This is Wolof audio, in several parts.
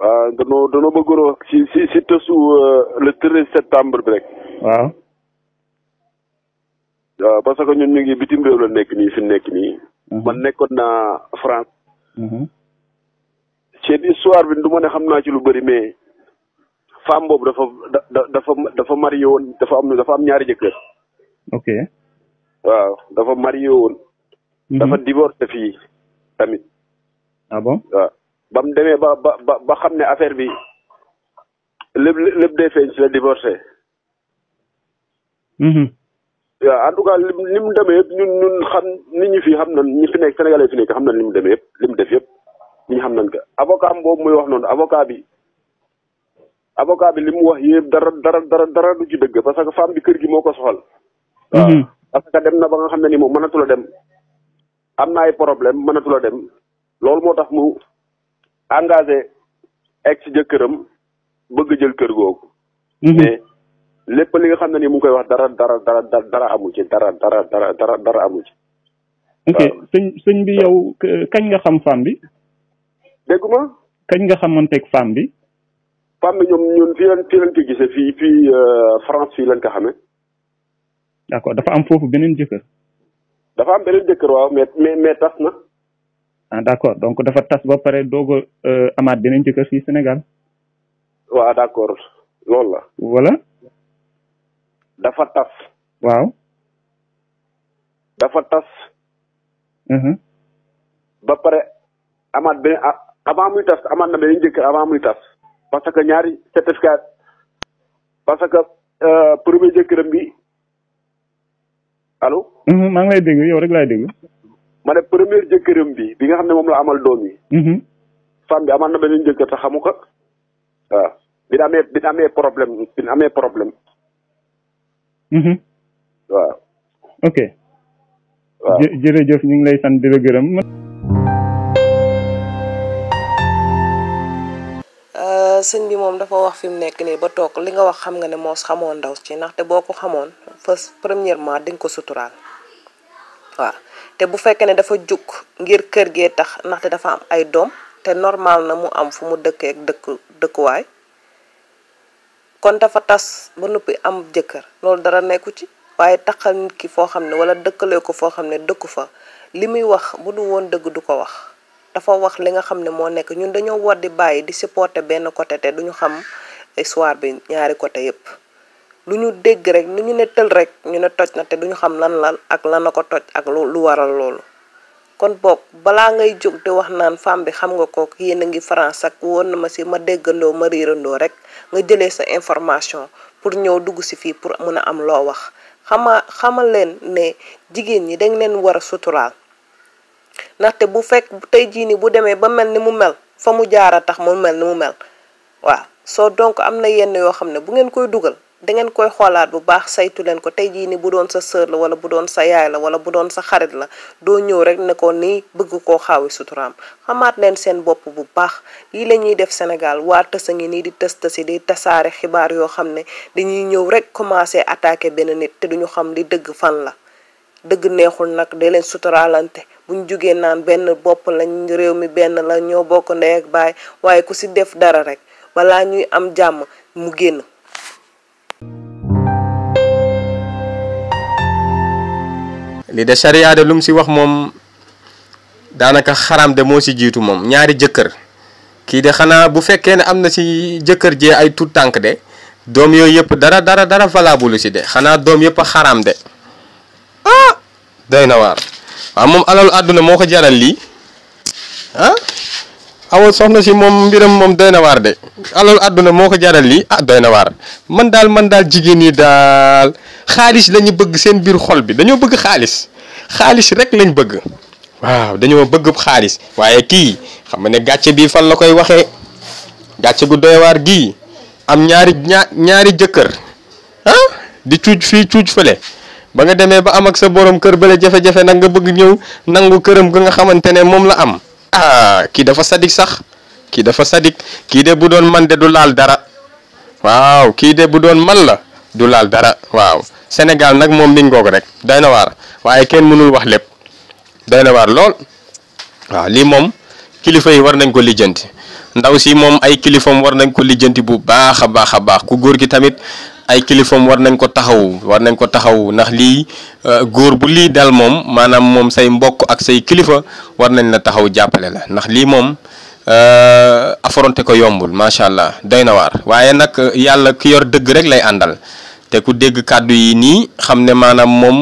waaw ah, danoo danoo bëggoon wax si si si tësu euh, le treize septembre bi rek. waaw. waaw ah, parce que ñun ñu ngi bitim réew la nekk nii si nekk nii. Mhm. man nekkoon naa France. Mhm. seen histoire bi du ma ne xam naa ci lu bëri mais femme boobu dafa da dafa dafa marié woon dafa am dafa am ñaari jëkkër. ok. waaw dafa marié woon. Mhm. dafa divorcé fii tamit. ah bon waaw. ba mu demee ba ba ba xam ne affaire bi lépp lépp day feeñ si la divorcé. Mm-hmm. waaw en lim mu demee yëpp ñun ñun xam nit ñi fi xam na ñi fi nekk sénégalais fi xam na li mu demee yëpp li def yëpp ñi xam nañ ko avocat am boobu muy wax noonu avocat bi avocat li mu wax yëpp dara dara dara dara du ci dëgg parce que femme bi kër gi moo ko soxal. waaw mm-hmm. parce que dem na ba nga xam ne ni moom mënatu la dem am na ay problème mënatu la dem loolu moo tax mu. engagé ex jëkkëram bëgg jël kër googu. Mhm. mais lépp li nga xam ne ni mu ngi koy wax dara dara dara dara amu ci dara dara dara dara dara amu ci. ok sëñ sëñ bi yow kañ nga xam femme bi. dégguma. kañ nga xamanteeg femme bi. femme bi ñoom ñun fii lan fii lan ko gisee fii fii euh, France fii lan ko xamee. d' accord dafa am foofu beneen jëkkër. dafa am beneen jëkkër waaw mais mais mais tas na. ah d'accord donc dafa tas ba pare dogo euh, dinañ ci jëkkër fii Sénégal wa d'accord lool la voilà dafa tas waaw dafa tas mm -hmm. ba pare amad beneen ah, avant muy tas amad na beneen jëk avant muy tas parce que ñaari certificat parce que euh, premier jëkkëram bi allô -hmm, uh-huh, ma ngi lay dégg yow rek lay dégg mané premier jëkërëm bi bi nga xamné mom la amal doomi hmm fam bi amal na benen jëkë ta xamuko wa bi da amé bi da amé problème bi amé problème hmm wa ok jëre jëf ñu ngi lay sant di la gërëm euh, sëñ bi moom dafa wax fi mu nekk ba toog li nga wax xam nga ne xamoon ndaw ci ndaxte boo ko xamoon first premièrement di nga ko suturaal te bu fekkee ne dafa jug ngir kër gee tax ndaxte dafa am ay doom te normal na mu am fu mu dëkkeek dëkku dëkkuwaay kon dafa tas ba noppi am jëkkër loolu dara nekku ci waaye taxal nit ki foo xam ne wala dëkkalee ko foo xam ne dëkku fa li muy wax bu du woon dëgg du ko wax dafa wax li nga xam ne moo nekk ñun dañoo war di bàyyi di supporter benn côté te duñu xam histoire bi ñaari côté yépp lu ñu dégg rek lu ñu ne tël rek ñu ne toj na te ñu xam lan lan ak lan na ko toj ak lu waral loolu kon boog balaa ngay jóg di wax naan femme bi xam nga kook yéen a ngi France ak woon na ma si ma déggandoo ma riirandoo rek nga jëlee sa information pour ñëw dugg si fii pour mun a am loo wax xama xamal leen ne jigéen ñi dañ leen war a suturaal ndaxte bu fekk tey jiini bu demee ba mel ni mu mel fa mu jaar a tax mu mel ni mu mel waaw soo donc am na yenn yoo xam ne bu ngeen koy dugal dangeen koy xoolaat bu baax saytu leen ko tey jii nii bu doon sa sœur la wala bu doon sa yaay la wala bu doon sa xarit la doo ñëw rek ne nii ni bëgg koo xaawi suturaam xamaat leen seen bopp bu baax lii la ñuy def Sénégal waa tës a ngi nii di tës tësi di tasaare xibaar yoo xam ne dañuy ñëw rek commencé attaque benn nit te duñu xam li dëgg fan la dëgg neexul nag da leen suturaalante bu ñu jógee naan benn bopp lañ réew mi benn la ñoo bokk ndey ak waaye ku si def dara rek balaa ñuy am jàmm mu génn li de charia de lu mu si wax moom daanaka xaram de moo si jiitu moom ñaari jëkkër kii de xanaa bu fekkee ne am na si jëkkër jee ay tuut tànk de doom yooyu yëpp dara dara dara valable si de xanaa doom yëpp a xaram de ah doy na waar waaw moom alalu àdduna moo ko jaral lii ah awa soxna si mom mbiram mom doyna na de alal aduna moko jaral li ah doyna war man dal man dal jigéen ñi daal xaalis lañu bëgg seen bir xol bi dañu bëgg khalis khalis rek lañ bëgg waaw dañu bëgg khalis waye ki xam nga ne gàcce bi fan la koy waxé gatché gu doy war gi am ñaari ñaari jëkkër ah, di tuuj fi tuuj fele ba nga démé ba am ak sa borom kër jafe-jafe nak nga bëgg ñëw nangu kërëm ga nga xamantene mom la am ah kii dafa sadik sax kii dafa sadik kii de bu doon man de du laal dara waaw kii de bu doon man la du laal dara waaw Sénégal nag moom mi ngoog rek doy na waaye kenn mënul wax lépp doy lool waaw lii moom kilifa yi war nañ ko lijjanti ndaw si moom ay kilifam war nañ ko lijjanti bu baax a baax a baax ku góor gi tamit ay kilifaam war nañ ko taxaw war nañ ko taxaw ndax lii euh, góor bu lii dal moom maanaam moom say mbokk ak say kilifa war nañ la taxaw jàppale la ndax lii moom euh, affronté ko yombul macha allah doy na waar waaye nag euh, yàlla ki yor dëgg rek lay àndal te ku dégg kàddu yi nii xam ne maanaam moom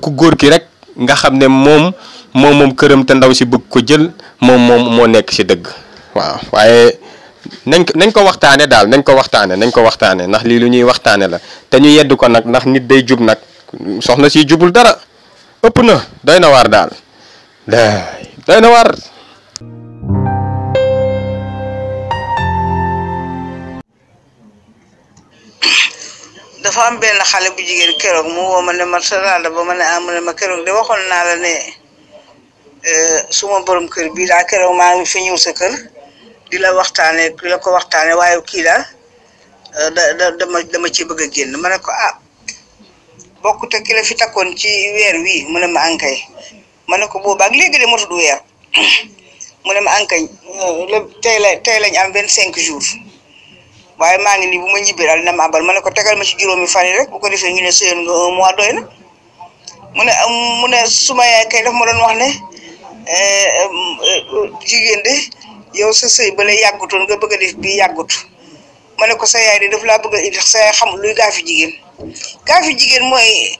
ku góor ki rek nga xam ne moom moom moom këram ndaw si bëgg ko jël moom moom moo nekk si dëgg waaw waaye nañ ko nañ ko waxtaane daal nañ ko waxtaane nañ ko waxtaane ndax lii lu ñuy waxtaane la te ñu yedd ko nag ndax nit day jub nag soxna si jubul dara ëpp na doy na waar daal doy na waar dafa am benn xale bu jigéen keroog mu woo ma ne ma salaada ba ma ne ah ma keroog de waxoon naa la ne euh, suma borom kër bii daa keroog maa ngi fi ñëw sa kër di la waxtaanee di la ko waxtaanee waaye kii eh, daal dama dama ci bëgg a génn ma ne ko ah bokk ak ki la fi takkoon ci weer wii mu ma ankay ma ne ko boobaag léegi de motu du weer mu ne ma ankay eh, tey la tey lañ am vingt cinq jours waaye maa ngi nii bu ma ñibbee daal dina ma abal ma ne ko tegal ma ci juróomi fan yi rek bu ko defee ñu ne sëyoon nga un mois doy mu ne mu ne suma yaay kay ma doon wax ne eh, jigéen de. yow sa sëy ba lay yàggutoon nga bëgg a def bii yàggut ma ne ko sa yaay de daf laa bëgg a indi sa yaay xamul luy gaafi jigéen gaafi jigéen mooy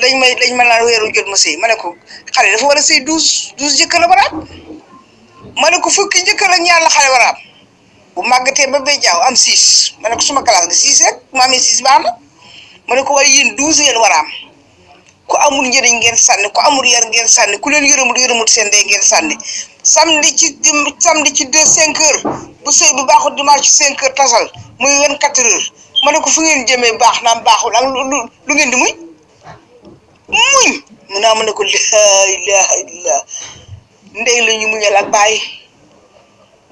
dañ euh, may dañ ma naan weeru jot ma sëy ma ne ko xale dafa war a sëy douze douze jëkkër la war a ma ne ko fukki jëkkër ak ñaar la xale war am bu màggatee ba bay jaaw am six ma ko suma classe nga six rek ma amee baax na ma ne ko war yéen douze ngeen war a am ku amul njëriñ ngeen sànni ku amul yar ngeen sànni ku leen yërëmul yërëmul seen day ngeen sànni samedi ci samedi ci 2 5 heures bu sey bu baxul dimanche 5 heures tassal muy 24 heures mané ko fu ngeen jëmé bax naam baxul ak lu ngeen di muy muy muna na mané ko la ilaha illa ndey lañu muñal ak baye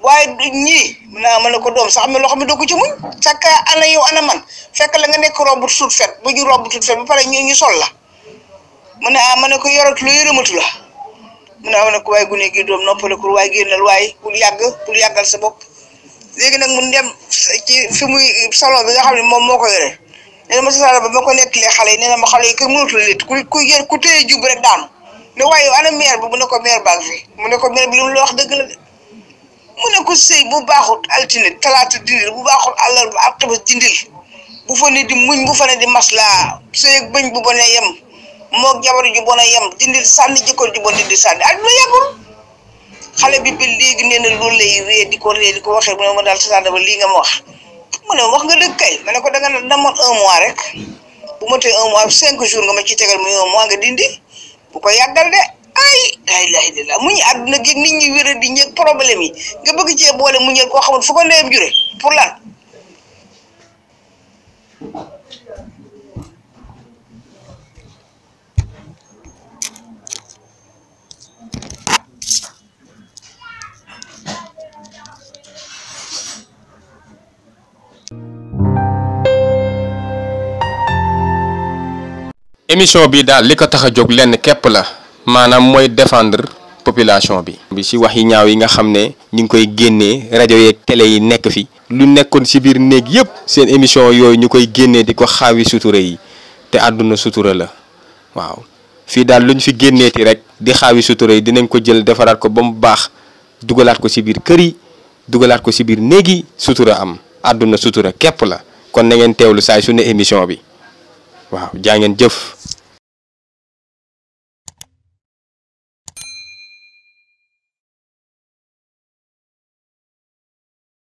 waye ñi muna na mané ko doom sax am lo xamni do ko ci muñ saka ana yow ana man fekk la nga nek robot sul fet bu ju robot sul fet ba pare ñi ñu sol la muna na mané ko yoratu lu yërematu la mu ne aw na ko waay gune gi doom noppale ko waay génnal waay pour yàgg pour yàggal sa bopp léegi nag mu dem ci fi muy salon bi nga xam ne moom moo ko yore nee na ma ba ma ko nettalee xale yi nee na xale yi kenn mënatul lit ku ku ku téye jub rek daanu ne waaye ana maire bi mu ne ko meer ba ngi fi mu ne ko maire bi li mu la wax dëgg la de mu ne ko sëy bu baaxut altine talaat dindil bu baaxut àllarba alxames dindil bu fa ne di muñ bu fa ne di maslaa sëy ak bëñ bu ba ne yem. moo jabar ju bon a yem dindi sànni jëkkër ju bon dindi sànni adduna yàggul xale bi léegi nee na loolu lay ree di ko ree di ko waxee mu ne ma daal sa dama lii nga ma wax mu wax nga dëgg kay ma ne ko danga ne damoon un mois rek bu ma un mois cinq jours nga ma ci tegal muy mois nga dindi bo ko yàggal de ay la ilaha illallah mu ñu àdduna gi nit ñi wéra di ñëg problème yi nga bëgg cee boole mu ko koo xamul fu ko ndeyam jure pour lan émission bi daal li ko tax a jóg lenn kepp la maanaam mooy défendre population bi. bi si wax yi ñaaw yi nga xam ne ñu ngi koy génnee rajo yeeg télé yi nekk fi. lu nekkoon ci biir néeg yëpp seen émission yooyu ñu koy génnee di ko xaawi sutura yi te àdduna sutura la waaw fii daal luñ fi génneeti rek di xaawi sutura yi dinañ ko jël defaraat ko ba mu baax dugalaat ko ci biir kër yi dugalaat ko ci biir néeg yi sutura am àdduna sutura képp la kon na ngeen teewlu saay su ne émission bi waaw jaa ngeen jëf.